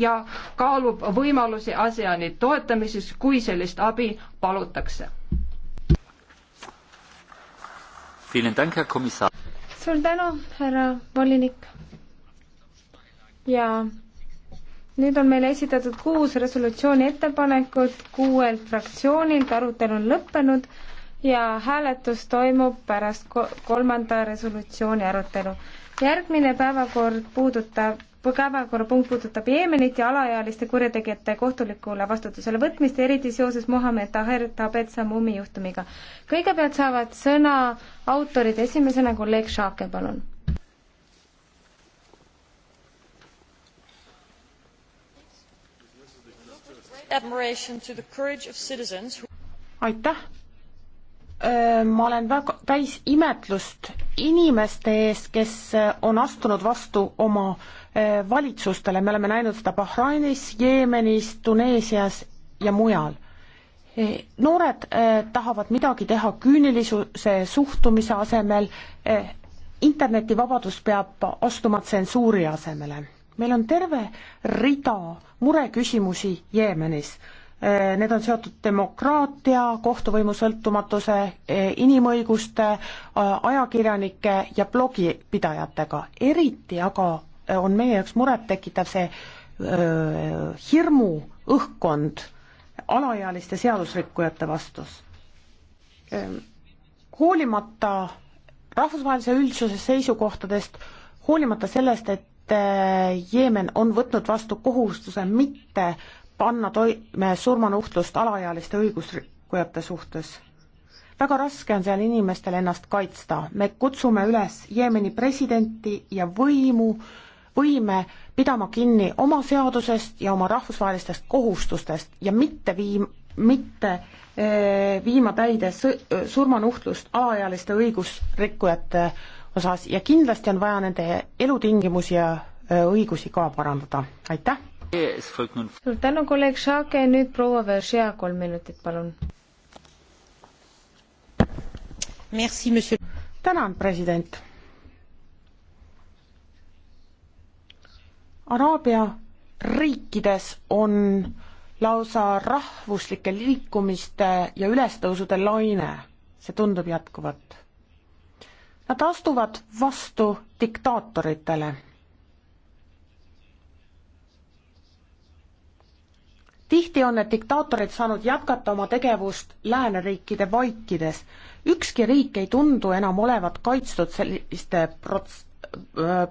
ja kaalub võimalusi ASEAN-i toetamises, kui sellist abi palutakse. suur tänu, härra volinik. ja nüüd on meile esitatud kuus resolutsiooni ettepanekut kuuelt fraktsioonilt, arutelu on lõppenud ja hääletus toimub pärast kolmanda resolutsiooni arutelu järgmine päevakord puudutab päevakorrapunkt puudutab Jeemenit ja alaealiste kurjategijate kohtulikule vastutusele võtmist, eriti seoses Mohammed Taher Tabet Samumi juhtumiga. kõigepealt saavad sõna autorid, esimesena kolleeg Šaake, palun. aitäh ma olen väga täis imetlust inimeste ees, kes on astunud vastu oma valitsustele, me oleme näinud seda Bahrainis, Jeemenis, Tuneesias ja mujal. noored tahavad midagi teha küünilisuse suhtumise asemel, internetivabadus peab astuma tsensuuri asemele. meil on terve rida mureküsimusi Jeemenis Eh, need on seotud demokraatia, kohtuvõimu sõltumatuse, eh, inimõiguste, eh, ajakirjanike ja blogipidajatega. eriti aga on meie jaoks murettekitav see öö, hirmu õhkkond alaealiste seadusrikkujate vastus. hoolimata rahvusvahelise üldsuse seisukohtadest, hoolimata sellest, et Jeemen on võtnud vastu kohustuse mitte panna toime surmanuhtlust alaealiste õigusrikkujate suhtes. väga raske on seal inimestel ennast kaitsta, me kutsume üles Jeemeni presidenti ja võimu võime pidama kinni oma seadusest ja oma rahvusvahelistest kohustustest ja mitte viim-, mitte eh, viima täide surmanuhtlust alaealiste õigusrikkujate osas ja kindlasti on vaja nende elutingimusi ja eh, õigusi ka parandada, aitäh! suur tänu, kolleeg Šake, nüüd proua Veržea, kolm minutit, palun. tänan, president. Araabia riikides on lausa rahvuslike liikumiste ja ülestõusude laine, see tundub jätkuvat. Nad astuvad vastu diktaatoritele tihti on need diktaatorid saanud jätkata oma tegevust lääneriikide vaikides. ükski riik ei tundu enam olevat kaitstud selliste prots-,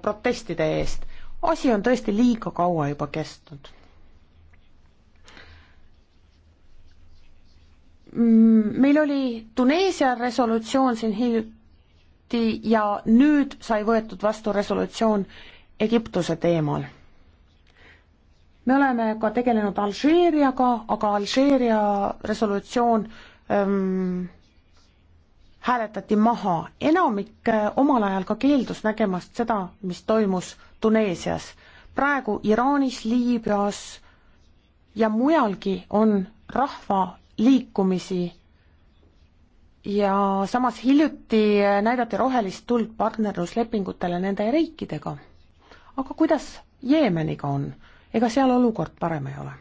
protestide eest. asi on tõesti liiga kaua juba kestnud. Mm, meil oli Tuneesia resolutsioon siin hiljuti ja nüüd sai võetud vastu resolutsioon Egiptuse teemal me oleme ka tegelenud Alžeeriaga, aga Alžeeria resolutsioon ähm, hääletati maha, enamik äh, omal ajal ka keeldus nägemast seda, mis toimus Tuneesias. praegu Iraanis, Liibüas ja mujalgi on rahvaliikumisi ja samas hiljuti äh, näidati rohelist tuld partnerluslepingutele nende riikidega. aga kuidas Jeemeniga on? ega seal olukord parem ei ole.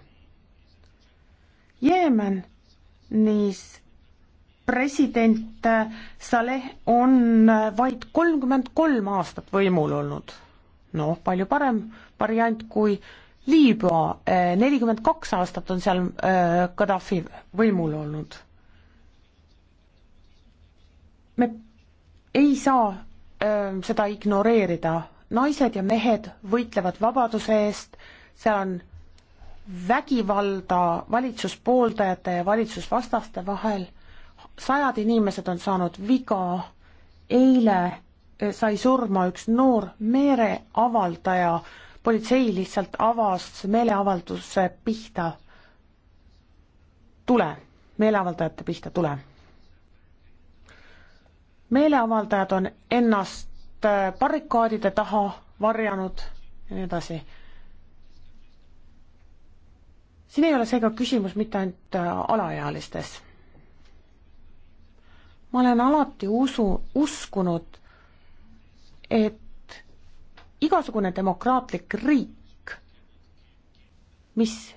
Jeemenis president Saleh on vaid kolmkümmend kolm aastat võimul olnud. noh, palju parem variant kui Liibüa, eh, nelikümmend kaks aastat on seal eh, Gaddafi võimul olnud. me ei saa eh, seda ignoreerida, naised ja mehed võitlevad vabaduse eest seal on vägivalda valitsuspooldajate ja valitsusvastaste vahel, sajad inimesed on saanud viga, eile eh, sai surma üks noor meeleavaldaja, politsei lihtsalt avas meeleavalduse pihta tule, meeleavaldajate pihta tule. meeleavaldajad on ennast eh, barrikaadide taha varjanud ja nii edasi siin ei ole seega küsimus mitte ainult äh, alaealistes. ma olen alati usu, uskunud, et igasugune demokraatlik riik, mis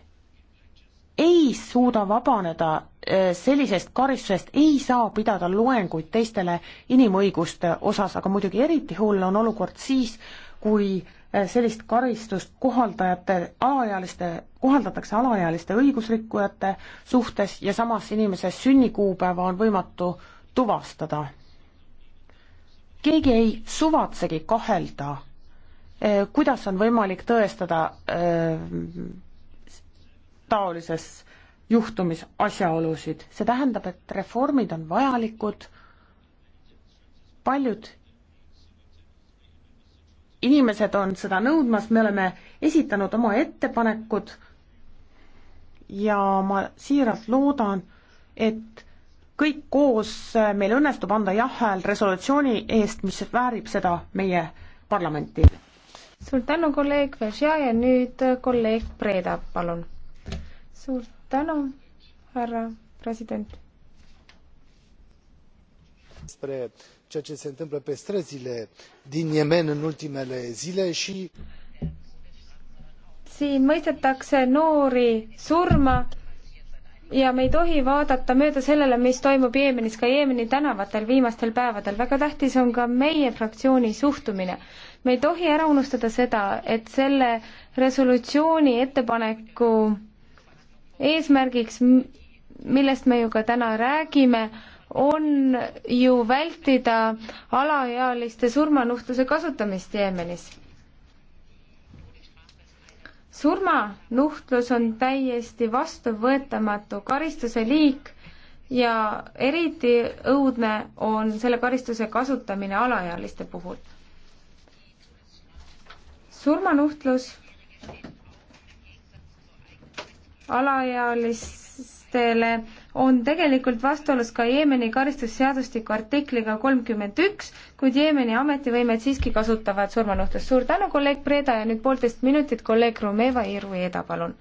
ei suuda vabaneda äh, sellisest karistusest, ei saa pidada loenguid teistele inimõiguste osas, aga muidugi eriti hull on olukord siis, kui äh, sellist karistust kohaldajate alaealiste kohaldatakse alaealiste õigusrikkujate suhtes ja samas inimese sünnikuupäeva on võimatu tuvastada. keegi ei suvatsegi kahelda, eh, kuidas on võimalik tõestada eh, taolises juhtumis asjaolusid, see tähendab, et reformid on vajalikud, paljud inimesed on seda nõudmas, me oleme esitanud oma ettepanekud ja ma siiralt loodan, et kõik koos meil õnnestub anda jah-hääl resolutsiooni eest, mis väärib seda meie parlamenti. suur tänu, kolleeg Veržia ja nüüd kolleeg Preda, palun. suur tänu, härra president. despre ceea ce se întâmplă pe străzile din Yemen în ultimele zile și siin mõistetakse noori surma ja me ei tohi vaadata mööda sellele, mis toimub Jeemenis, ka Jeemeni tänavatel viimastel päevadel. väga tähtis on ka meie fraktsiooni suhtumine. me ei tohi ära unustada seda, et selle resolutsiooni ettepaneku eesmärgiks, millest me ju ka täna räägime, on ju vältida alaealiste surmanuhtluse kasutamist Jeemenis surmanuhtlus on täiesti vastuvõetamatu karistuse liik ja eriti õudne on selle karistuse kasutamine alaealiste puhul. surmanuhtlus alaealistele on tegelikult vastuolus ka Jeemeni karistusseadustiku artikliga kolmkümmend üks, kuid Jeemeni ametivõimed siiski kasutavad surmanuhtlust. suur tänu, kolleeg Breda ja nüüd poolteist minutit kolleeg Rumeva Irueda, palun.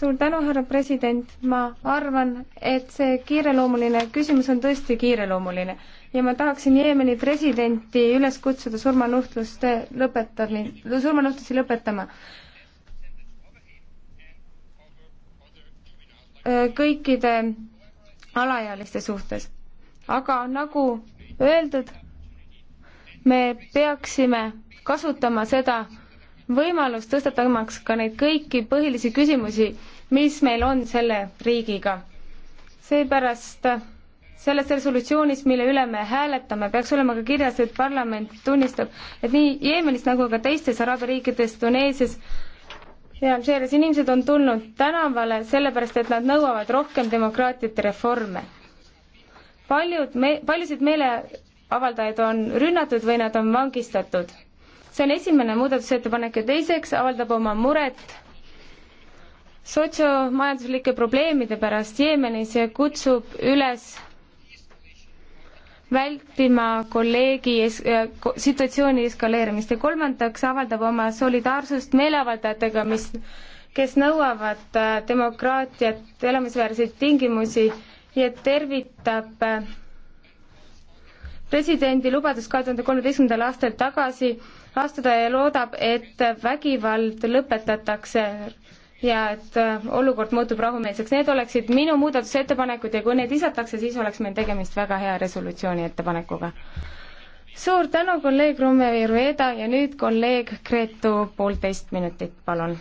suur tänu, härra president, ma arvan, et see kiireloomuline küsimus on tõesti kiireloomuline ja ma tahaksin Jeemeni presidenti üles kutsuda surmanuhtluste lõpetami-, surmanuhtlusi lõpetama kõikide alaealiste suhtes. aga nagu öeldud, me peaksime kasutama seda võimalust tõstatamaks ka neid kõiki põhilisi küsimusi, mis meil on selle riigiga. seepärast selles resolutsioonis, mille üle me hääletame, peaks olema ka kirjas, et parlament tunnistab, et nii Jeemenis nagu ka teistes araabia riikides, Tuneesias Alžeerias inimesed on tulnud tänavale sellepärast, et nad nõuavad rohkem demokraatiat ja reforme. paljud me-, paljusid meeleavaldajaid on rünnatud või nad on vangistatud. see on esimene muudatusettepanek ja teiseks avaldab oma muret sotsiomajanduslike probleemide pärast Jeemenis ja kutsub üles vältima kolleegi es-, äh, situatsiooni eskaleerimist ja kolmandaks avaldab oma solidaarsust meeleavaldajatega, mis, kes nõuavad äh, demokraatiat, elamisväärseid tingimusi ja tervitab äh, presidendi lubadust kahe tuhande kolmeteistkümnendal aastal tagasi astuda ja loodab, et vägivald lõpetatakse ja et äh, olukord muutub rahumeelseks. Need oleksid minu muudatusettepanekud ja kui need lisatakse, siis oleks meil tegemist väga hea resolutsiooni ettepanekuga. suur tänu, kolleeg Rumme Virueda ja nüüd kolleeg Gretu poolteist minutit, palun.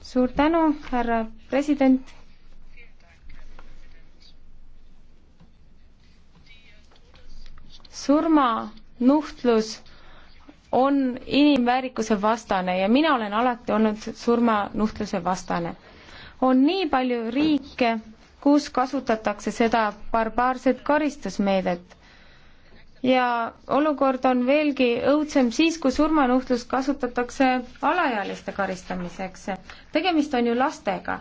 suur tänu, härra president. surmanuhtlus on inimväärikuse vastane ja mina olen alati olnud surmanuhtluse vastane. on nii palju riike, kus kasutatakse seda barbaarset karistusmeedet ja olukord on veelgi õudsem siis, kui surmanuhtlust kasutatakse alaealiste karistamiseks. tegemist on ju lastega.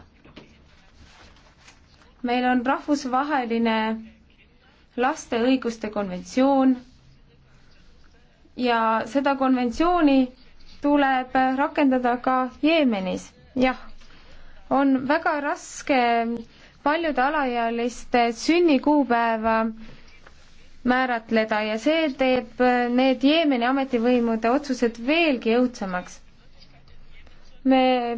meil on rahvusvaheline laste õiguste konventsioon ja seda konventsiooni tuleb rakendada ka Jeemenis. jah, on väga raske paljude alaealiste sünnikuupäeva määratleda ja see teeb need Jeemeni ametivõimude otsused veelgi õudsemaks. me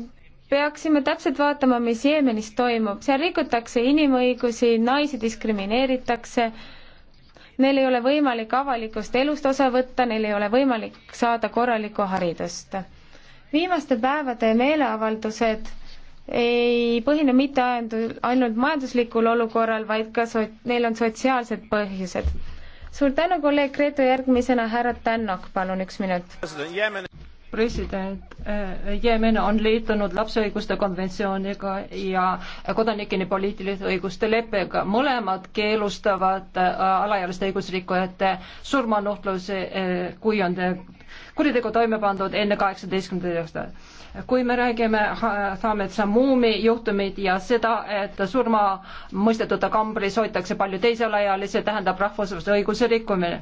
peaksime täpselt vaatama, mis Jeemenis toimub, seal rikutakse inimõigusi, naisi diskrimineeritakse äh,, neil ei ole võimalik avalikust elust osa võtta, neil ei ole võimalik saada korralikku haridust. viimaste päevade meeleavaldused ei põhine mitte ainult majanduslikul olukorral, vaid ka so-, neil on sotsiaalsed põhjused. suur tänu, kolleeg Reetu, järgmisena härra Tännok, palun üks minut president eh, Jeemen on liitunud lapseõiguste konventsiooniga ja kodanikeni poliitiliste õiguste leppega. mõlemad keelustavad eh, alaealiste õigusrikkujate surmanuhtluse, eh, kui on kuritegu toime pandud enne kaheksateistkümnendat aastat. kui me räägime Hamed Samumi juhtumit ja seda, et surma mõistetute kambris hoitakse palju teisi alaealisi, tähendab rahvusvahelise õiguse rikkumine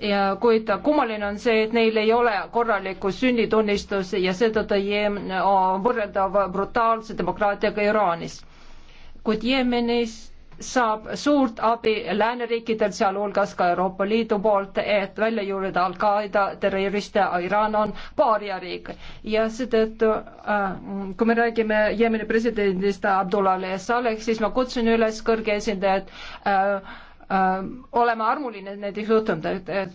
ja kuid kummaline on see, et neil ei ole korralikku sünnitunnistust ja seetõttu Jeemen on võrreldav brutaalse demokraatiaga Iraanis. kuid Jeemenis saab suurt abi lääneriikidelt, sealhulgas ka Euroopa Liidu poolt, et välja juurida Al-Qaeda terroriste, Iraan on paariariik ja seetõttu äh, kui me räägime Jeemeni presidendist Abdullah Saleh, siis ma kutsun üles kõrge esindajat äh, Ähm, olema armuline näiteks juhtunud,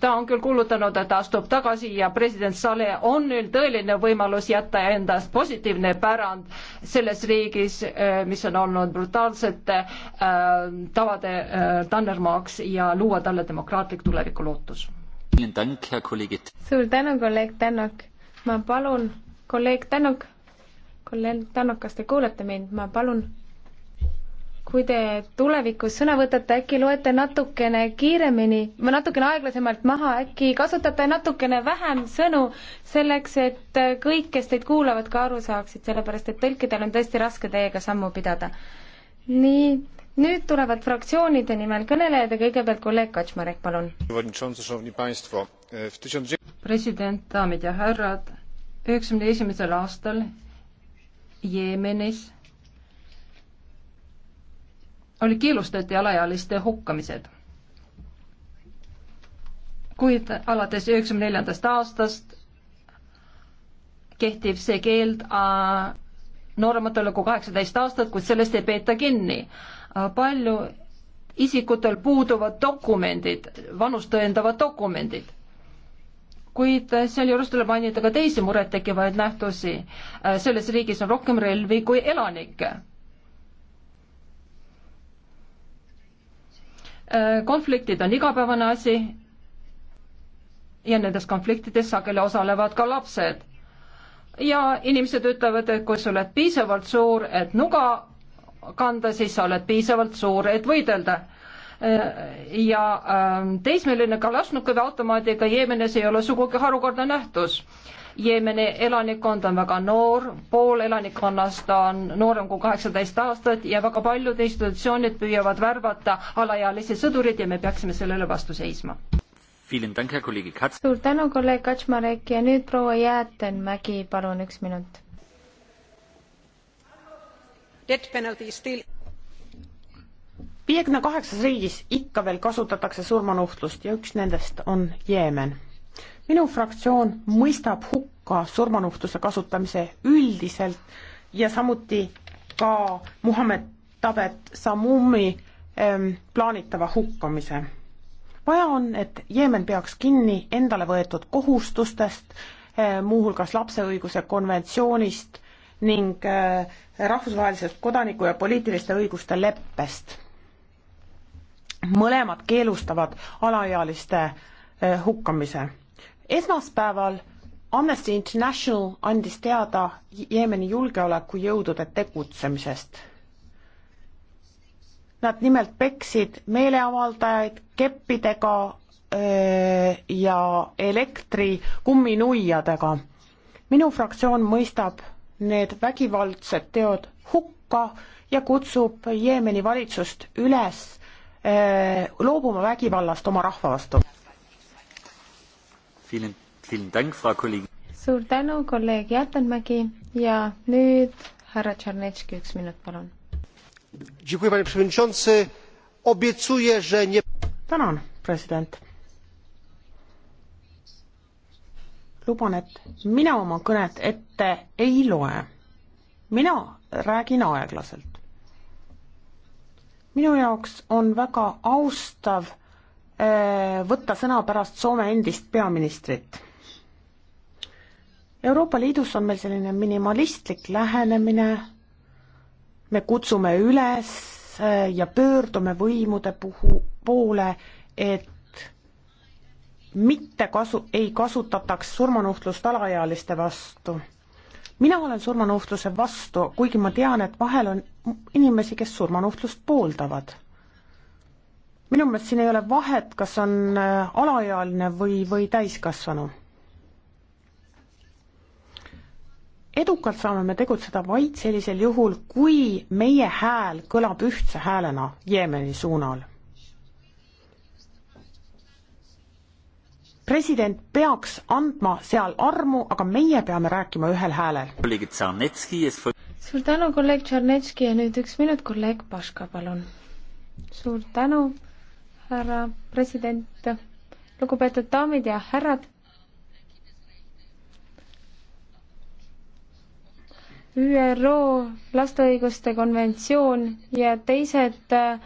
ta on küll kuulutanud, et ta astub tagasi ja president Saleh on nüüd tõeline võimalus jätta endast positiivne pärand selles riigis, äh, mis on olnud brutaalsete ähm, tavade äh, tannermaaks ja luua talle demokraatlik tulevikulootus. suur tänu, kolleeg Tänok. ma palun, kolleeg Tänok, kolleeg Tänok, kas te kuulete mind, ma palun kui te tulevikus sõna võtate, äkki loete natukene kiiremini või natukene aeglasemalt maha, äkki kasutate natukene vähem sõnu selleks, et kõik, kes teid kuulavad, ka aru saaksid, sellepärast et tõlkidel on tõesti raske teiega sammu pidada. nii, nüüd tulevad fraktsioonide nimel kõnelejad ja kõigepealt kolleeg Kaczmarek, palun. president, daamid ja härrad, üheksakümne esimesel aastal Jeemenis oli keelustati alaealiste hukkamised. kuid alates üheksakümne neljandast aastast kehtib see keeld noorematele kui nagu kaheksateist aastat, kuid sellest ei peeta kinni. palju isikutel puuduvad dokumendid, vanust tõendavad dokumendid. kuid sealjuures tuleb mainida ka teisi murettekivaid nähtusi. selles riigis on rohkem relvi kui elanikke Äh, konfliktid on igapäevane asi ja nendes konfliktides sageli osalevad ka lapsed. ja inimesed ütlevad, et kui sa oled piisavalt suur, et nuga kanda, siis sa oled piisavalt suur, et võidelda äh, ja äh, teismeline Kalašnikovi automaadiga Jeemenis ei ole sugugi harukordne nähtus. Jeemeni elanikkond on väga noor, pool elanikkonnast on noorem kui kaheksateist aastat ja väga paljud institutsioonid püüavad värvata alaealisi sõdureid ja me peaksime sellele vastu seisma. suur tänu, kolleeg Kaczmarek ja nüüd proua Jäätenmägi, palun üks minut. viiekümne kaheksas riigis ikka veel kasutatakse surmanuhtlust ja üks nendest on Jeemen minu fraktsioon mõistab hukka surmanuhtluse kasutamise üldiselt ja samuti ka Muhamed Tabet Samumi ähm, plaanitava hukkamise. vaja on, et Jeemen peaks kinni endale võetud kohustustest äh,, muuhulgas lapse õiguse konventsioonist ning äh, rahvusvahelisest kodaniku- ja poliitiliste õiguste leppest. mõlemad keelustavad alaealiste äh, hukkamise esmaspäeval Amnesty International andis teada Jeemeni julgeolekujõudude tegutsemisest. Nad nimelt peksid meeleavaldajaid keppidega öö, ja elektrikumminuiadega. minu fraktsioon mõistab need vägivaldsed teod hukka ja kutsub Jeemeni valitsust üles öö, loobuma vägivallast oma rahva vastu suur tänu, kolleeg Jäätenmägi ja nüüd härra Tšernetški, üks minut, palun. tänan, president. luban, et mina oma kõnet ette ei loe. mina räägin aeglaselt. minu jaoks on väga austav Äh, võtta sõna pärast Soome endist peaministrit. Euroopa Liidus on meil selline minimalistlik lähenemine, me kutsume üles äh, ja pöördume võimude puhu, poole, et mitte kasu, ei kasutataks surmanuhtlust alaealiste vastu. mina olen surmanuhtluse vastu, kuigi ma tean, et vahel on inimesi, kes surmanuhtlust pooldavad minu meelest siin ei ole vahet, kas on äh, alaealine või, või täiskasvanu. edukalt saame me tegutseda vaid sellisel juhul, kui meie hääl kõlab ühtse häälena Jeemeni suunal. president peaks andma seal armu, aga meie peame rääkima ühel häälel. suur tänu, kolleeg Tšarnetski ja nüüd üks minut, kolleeg Paška, palun. suur tänu härra president, lugupeetud daamid ja härrad. ÜRO laste õiguste konventsioon ja teised äh,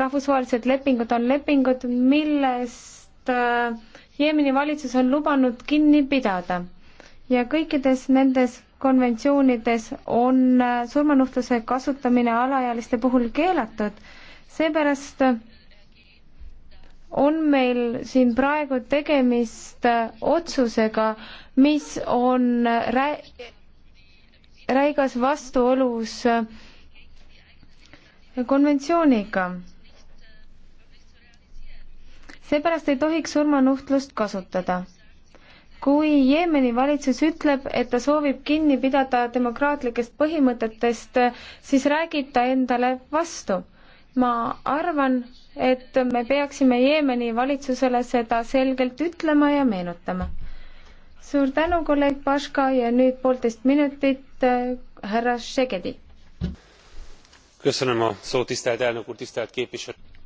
rahvusvahelised lepingud on lepingud, millest äh, Jeemeni valitsus on lubanud kinni pidada ja kõikides nendes konventsioonides on äh, surmanuhtluse kasutamine alaealiste puhul keelatud. seepärast on meil siin praegu tegemist äh, otsusega, mis on rä-, räigas vastuolus äh, konventsiooniga. seepärast ei tohiks surmanuhtlust kasutada. kui Jeemeni valitsus ütleb, et ta soovib kinni pidada demokraatlikest põhimõtetest, äh, siis räägib ta endale vastu ma arvan, et me peaksime Jeemeni valitsusele seda selgelt ütlema ja meenutama. suur tänu, kolleeg Paška ja nüüd poolteist minutit äh, härra Šegedi.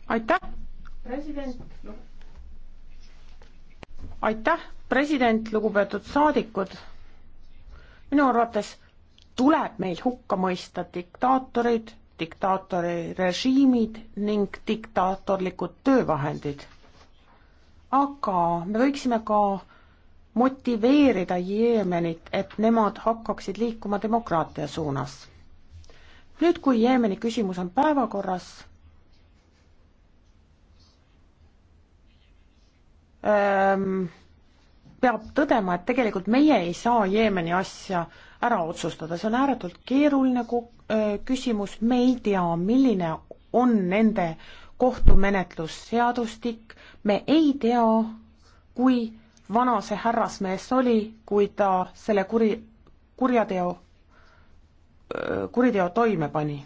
aitäh, president. aitäh, president, lugupeetud saadikud. minu arvates tuleb meil hukka mõista diktaatorid diktaatori režiimid ning diktaatorlikud töövahendid. aga me võiksime ka motiveerida Jeemenit, et nemad hakkaksid liikuma demokraatia suunas. nüüd, kui Jeemeni küsimus on päevakorras, ähm, peab tõdema, et tegelikult meie ei saa Jeemeni asja ära otsustada, see on ääretult keeruline küsimus, me ei tea, milline on nende kohtumenetlusseadustik, me ei tea, kui vana see härrasmees oli, kui ta selle kuri, kurjateo, kuriteo toime pani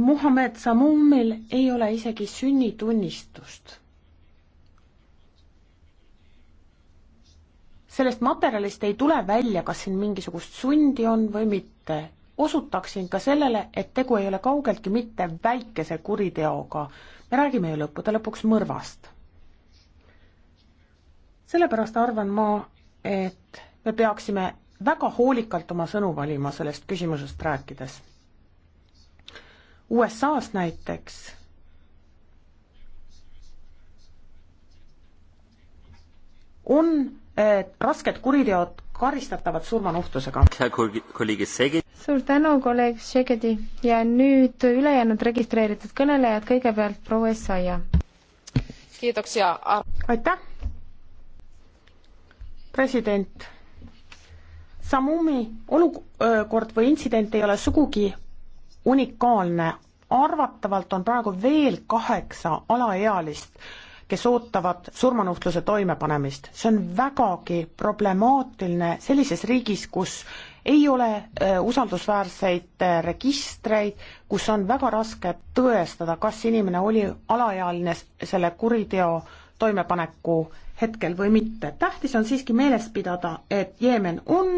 Muhamed Samumil ei ole isegi sünnitunnistust. sellest materjalist ei tule välja, kas siin mingisugust sundi on või mitte. osutaksin ka sellele, et tegu ei ole kaugeltki mitte väikese kuriteoga. me räägime ju lõppude lõpuks mõrvast. sellepärast arvan ma, et me peaksime väga hoolikalt oma sõnu valima sellest küsimusest rääkides. USA-s näiteks on rasked kuriteod karistatavad surmanuhtlusega. suur tänu, kolleeg Šegedi ja nüüd ülejäänud registreeritud kõnelejad, kõigepealt proua Essaia. aitäh, president. Samumi olukord või intsident ei ole sugugi unikaalne, arvatavalt on praegu veel kaheksa alaealist kes ootavad surmanuhtluse toimepanemist. see on vägagi problemaatiline sellises riigis, kus ei ole äh, usaldusväärseid äh, registreid, kus on väga raske tõestada, kas inimene oli alaealine selle kuriteo toimepaneku hetkel või mitte. tähtis on siiski meeles pidada, et Jeemen on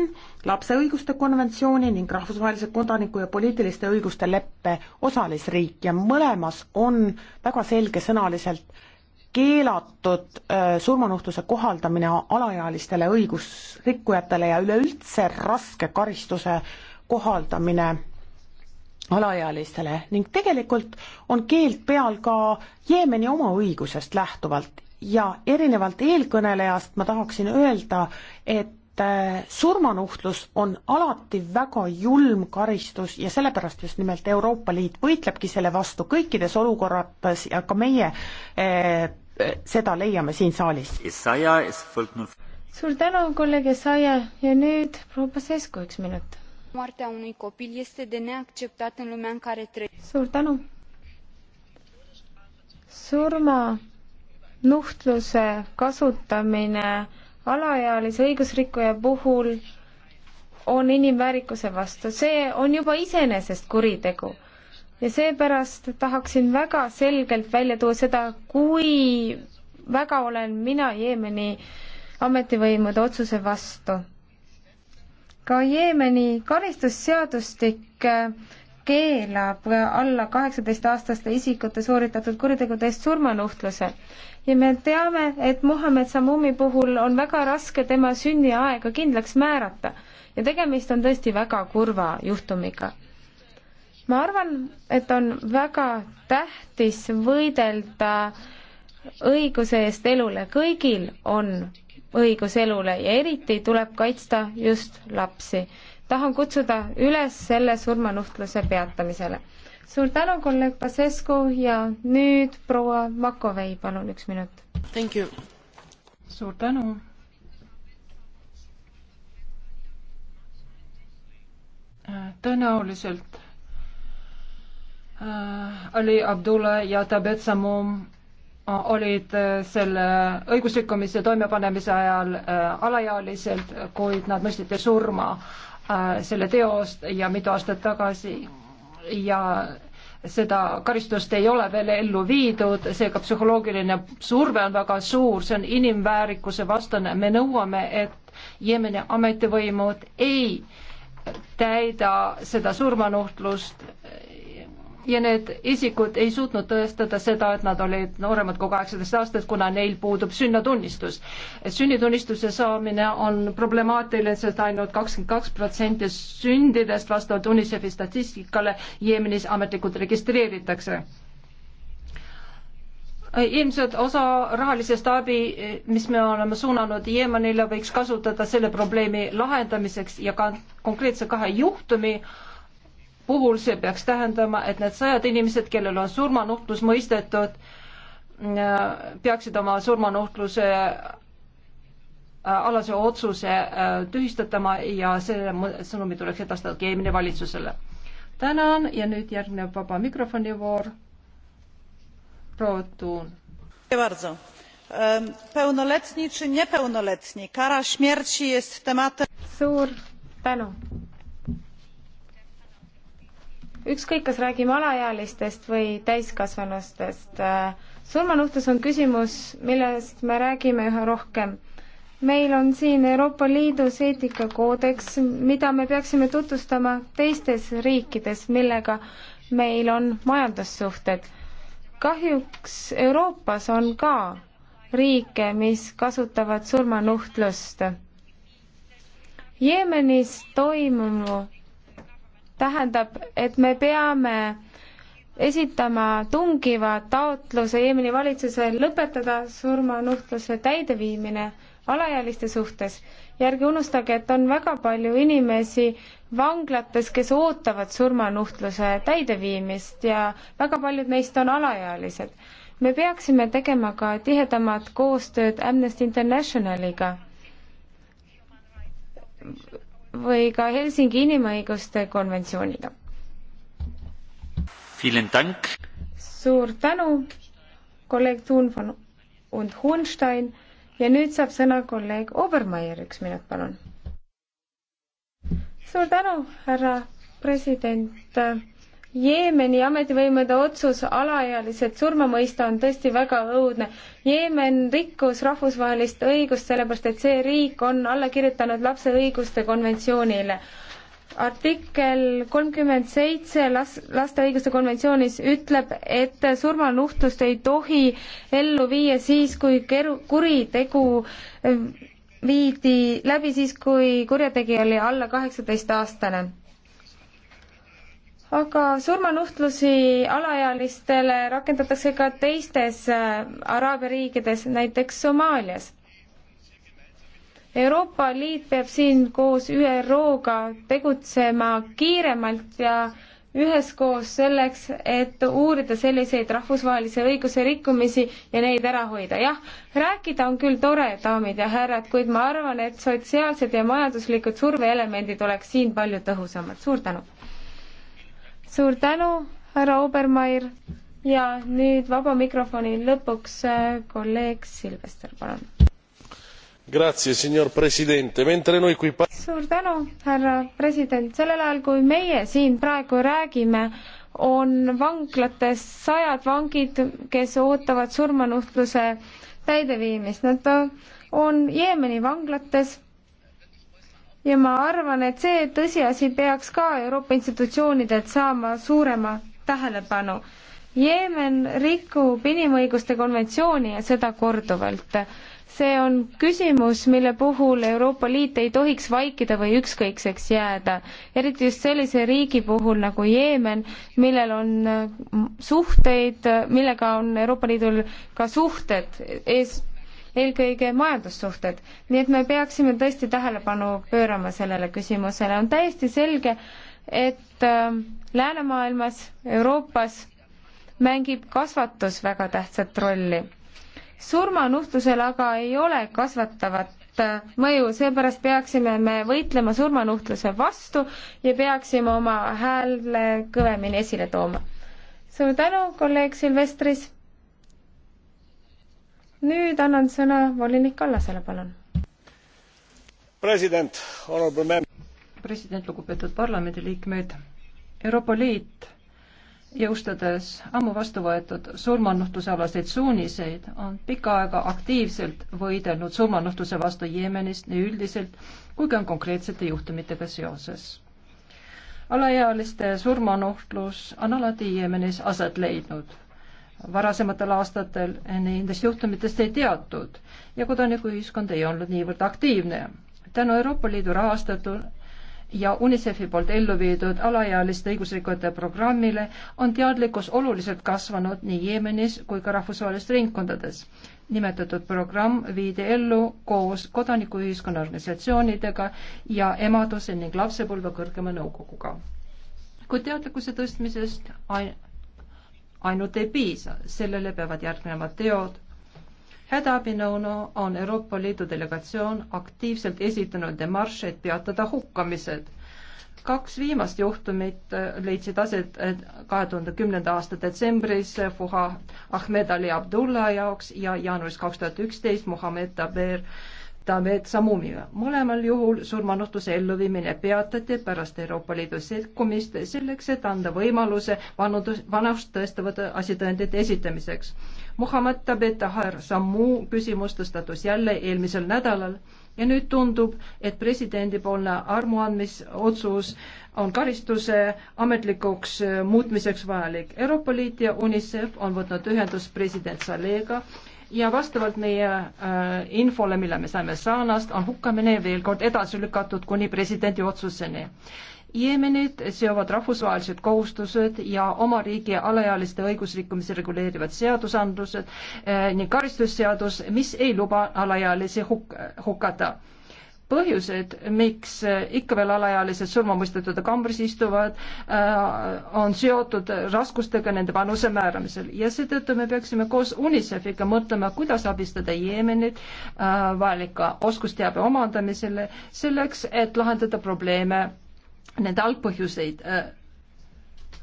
lapse õiguste konventsiooni ning rahvusvahelise kodaniku ja poliitiliste õiguste leppe osalisriik ja mõlemas on väga selgesõnaliselt keelatud äh, surmanuhtluse kohaldamine alaealistele õigusrikkujatele ja üleüldse raske karistuse kohaldamine alaealistele ning tegelikult on keeld peal ka Jeemeni oma õigusest lähtuvalt ja erinevalt eelkõnelejast ma tahaksin öelda, et äh, surmanuhtlus on alati väga julm karistus ja sellepärast just nimelt Euroopa Liit võitlebki selle vastu kõikides olukorrades ja ka meie äh, seda leiame siin saalis. suur tänu, kolleeg Esaia ja nüüd proua Pasescu, üks minut. suur tänu. surmanuhtluse kasutamine alaealise õigusrikkuja puhul on inimväärikuse vastu, see on juba iseenesest kuritegu ja seepärast tahaksin väga selgelt välja tuua seda, kui väga olen mina Jeemeni ametivõimude otsuse vastu. ka Jeemeni karistusseadustik äh, keelab alla kaheksateistaastaste isikute sooritatud kuritegude eest surmanuhtluse ja me teame, et Mohammed Samumi puhul on väga raske tema sünniaega kindlaks määrata ja tegemist on tõesti väga kurva juhtumiga ma arvan, et on väga tähtis võidelda õiguse eest elule, kõigil on õigus elule ja eriti tuleb kaitsta just lapsi. tahan kutsuda üles selle surmanuhtluse peatamisele. suur tänu, kolleeg Pasescu ja nüüd proua Makovei, palun üks minut. suur tänu. tõenäoliselt Äh, Ali Abdullah ja Tabet Samum äh, olid äh, selle õigusrikkumise toimepanemise ajal alaealised, kuid nad mõisteti surma selle teo eest ja mitu aastat tagasi ja seda karistust ei ole veel ellu viidud, seega psühholoogiline surve on väga suur, see on inimväärikuse vastane, me nõuame, et Jeemeni ametivõimud ei täida seda surmanuhtlust ja need isikud ei suutnud tõestada seda, et nad olid nooremad kui kaheksateist aastat, kuna neil puudub sünnatunnistus. sünnitunnistuse saamine on problemaatiline, sest ainult kakskümmend kaks protsenti sündidest vastavalt UNICEF-i statistikale Jeemenis ametlikult registreeritakse ilmselt osa rahalisest abi, mis me oleme suunanud Jeemenile, võiks kasutada selle probleemi lahendamiseks ja ka konkreetse kahe juhtumi äh, puhul see peaks tähendama, et need sajad inimesed, kellel on surmanuhtlus mõistetud, peaksid oma surmanuhtluse äh, alase otsuse äh, tühistatama ja selle sõnumi tuleks edastada eelmine valitsusele. tänan ja nüüd järgneb vaba mikrofoni voor. proua Tuun. Pełnoletni czy niepełnoletni, kara śmierci jest tematem. suur tänu ükskõik, kas räägime alaealistest või täiskasvanustest. Äh, surmanuhtlus on küsimus, millest me räägime üha rohkem. meil on siin Euroopa Liidus eetikakoodeks, mida me peaksime tutvustama teistes riikides, millega meil on majandussuhted. kahjuks Euroopas on ka riike, mis kasutavad surmanuhtlust. Jeemenis toimunud tähendab, et me peame esitama tungiva taotluse Jeemeni valitsusel lõpetada surmanuhtluse täideviimine alaealiste suhtes. ja ärge unustage, et on väga palju inimesi vanglates, kes ootavad surmanuhtluse täideviimist ja väga paljud neist on alaealised. me peaksime tegema ka tihedamat koostööd Amnesty Internationaliga või ka Helsingi inimõiguste konventsiooniga. suur tänu, kolleeg Thun von und Hohenstein ja nüüd saab sõna kolleeg Obermeier, üks minut, palun. suur tänu, härra president Jeemeni ametivõimude otsus alaealised surma mõista on tõesti väga õudne. Jeemen rikkus rahvusvahelist õigust, sellepärast et see riik on alla kirjutanud lapse õiguste konventsioonile. artikkel kolmkümmend seitse las-, laste õiguste konventsioonis ütleb, et surmanuhtlust ei tohi ellu viia siis, kui keru-, kuritegu äh, viidi läbi siis, kui kurjategija oli alla kaheksateist aastane aga surmanuhtlusi alaealistele rakendatakse ka teistes äh, Araabia riikides, näiteks Somaalias. Euroopa Liit peab siin koos ÜRO-ga tegutsema kiiremalt ja üheskoos selleks, et uurida selliseid rahvusvahelise õiguse rikkumisi ja neid ära hoida. jah, rääkida on küll tore, daamid ja härrad, kuid ma arvan, et sotsiaalsed ja majanduslikud surveelemendid oleks siin palju tõhusamad. suur tänu! suur tänu, härra Obermeier ja nüüd vaba mikrofoni lõpuks äh, kolleeg Silvester, palun. Grazie, signor presidente, mentre noi qui pa-. suur tänu, härra president, sellel ajal, kui meie siin praegu räägime, on vanglates sajad vangid, kes ootavad surmanuhtluse täideviimist, nad äh, on Jeemeni vanglates ja ma arvan, et see tõsiasi peaks ka Euroopa institutsioonidelt saama suurema tähelepanu. Jeemen rikub inimõiguste konventsiooni ja seda korduvalt. see on küsimus, mille puhul Euroopa Liit ei tohiks vaikida või ükskõikseks jääda, eriti just sellise riigi puhul nagu Jeemen, millel on äh, suhteid, millega on Euroopa Liidul ka suhted ees eelkõige majandussuhted. nii et me peaksime tõesti tähelepanu pöörama sellele küsimusele. on täiesti selge, et ähm, läänemaailmas, Euroopas mängib kasvatus väga tähtsat rolli. surmanuhtlusel aga ei ole kasvatavat äh, mõju, seepärast peaksime me võitlema surmanuhtluse vastu ja peaksime oma hääle kõvemini esile tooma. suur tänu, kolleeg Silvestris! nüüd annan sõna volinik Kallasele, palun. president, president, lugupeetud parlamendiliikmed, Euroopa Liit jõustades ammu vastu võetud surmanuhtlusealaseid suuniseid, on pikka aega aktiivselt võidelnud surmanuhtluse vastu Jeemenis nii üldiselt kui ka konkreetsete juhtumitega seoses. alaealiste surmanuhtlus on alati Jeemenis aset leidnud varasematel aastatel nendest juhtumitest ei teatud ja kodanikuühiskond ei olnud niivõrd aktiivne. tänu Euroopa Liidu rahastatud ja UNICEFi poolt ellu viidud alaealiste õigusrikkujate programmile on teadlikkus oluliselt kasvanud nii Jeemenis kui ka rahvusvahelistes ringkondades. nimetatud programm viidi ellu koos kodanikuühiskonna organisatsioonidega ja emaduse ning lapsepõlve kõrgema nõukoguga. kuid teadlikkuse tõstmisest ain-, ainult ei piisa, sellele peavad järgnema teod. hädaabinõuna on Euroopa Liidu delegatsioon aktiivselt esitanud demarše, et peatada hukkamised. kaks viimast juhtumit leidsid aset eh, kahe tuhande kümnenda aasta detsembris Fuha Ahmed Ali Abdullah jaoks ja jaanuaris kaks tuhat üksteist Muhamed Taber Tavet Samumiga. mõlemal juhul surmanuhtluse elluviimine peatati pärast Euroopa Liidu sekkumist selleks, et anda võimaluse vanudus, vanust tõestavate asitõendite esitamiseks. Muhamed Tabet Tahar Samu küsimus tõstatus jälle eelmisel nädalal ja nüüd tundub, et presidendipoolne armuandmisotsus on karistuse ametlikuks muutmiseks vajalik. Euroopa Liit ja UNICEF on võtnud ühendust president Salega ja vastavalt meie äh, infole, mille me saime Saanast, on hukkamine veel kord edasi lükatud kuni presidendi otsuseni. Jeemenit seovad rahvusvahelised kohustused ja oma riigi alaealiste õigusrikkumisi reguleerivad seadusandlused äh, ning karistusseadus, mis ei luba alaealisi huk hukata põhjused, miks ikka veel alaealised surmamõistetute kambris istuvad, äh, on seotud raskustega nende vanuse määramisel ja seetõttu me peaksime koos UNICEF-iga mõtlema, kuidas abistada Jeemenit äh, vajalika oskusteabe omandamisele, selleks et lahendada probleeme, nende algpõhjuseid äh,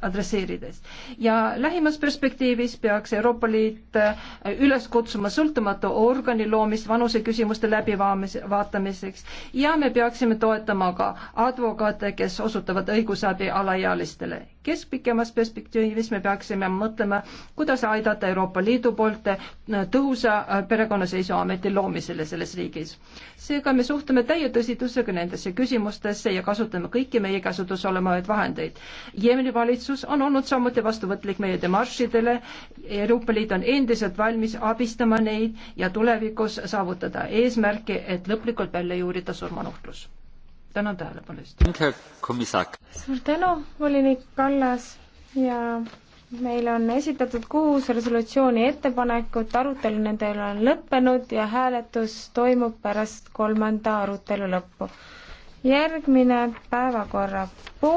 adresseerides. ja lähimas perspektiivis peaks Euroopa Liit äh, üles kutsuma sõltumatu organi loomist vanuseküsimuste läbivaatamiseks ja me peaksime toetama ka advokaate, kes osutavad õigusabi alaealistele keskpikemas perspektiivis me peaksime mõtlema, kuidas aidata Euroopa Liidu poolt äh, tõhusa äh, perekonnaseisuameti loomisele selles riigis. seega me suhtume täie tõsidusega nendesse küsimustesse ja kasutame kõiki meie käsutuses olevaid vahendeid. Jeemeni valitsus on olnud samuti vastuvõtlik meie demaršidele, Euroopa Liit on endiselt valmis abistama neid ja tulevikus saavutada eesmärki, et lõplikult välja juurida surmanuhtlus tänan tähelepanu eest. suur tänu, volinik Kallas ja meile on esitatud kuus resolutsiooni ettepanekut, arutelu nendel on lõppenud ja hääletus toimub pärast kolmanda arutelu lõppu. järgmine päevakorrapunkt.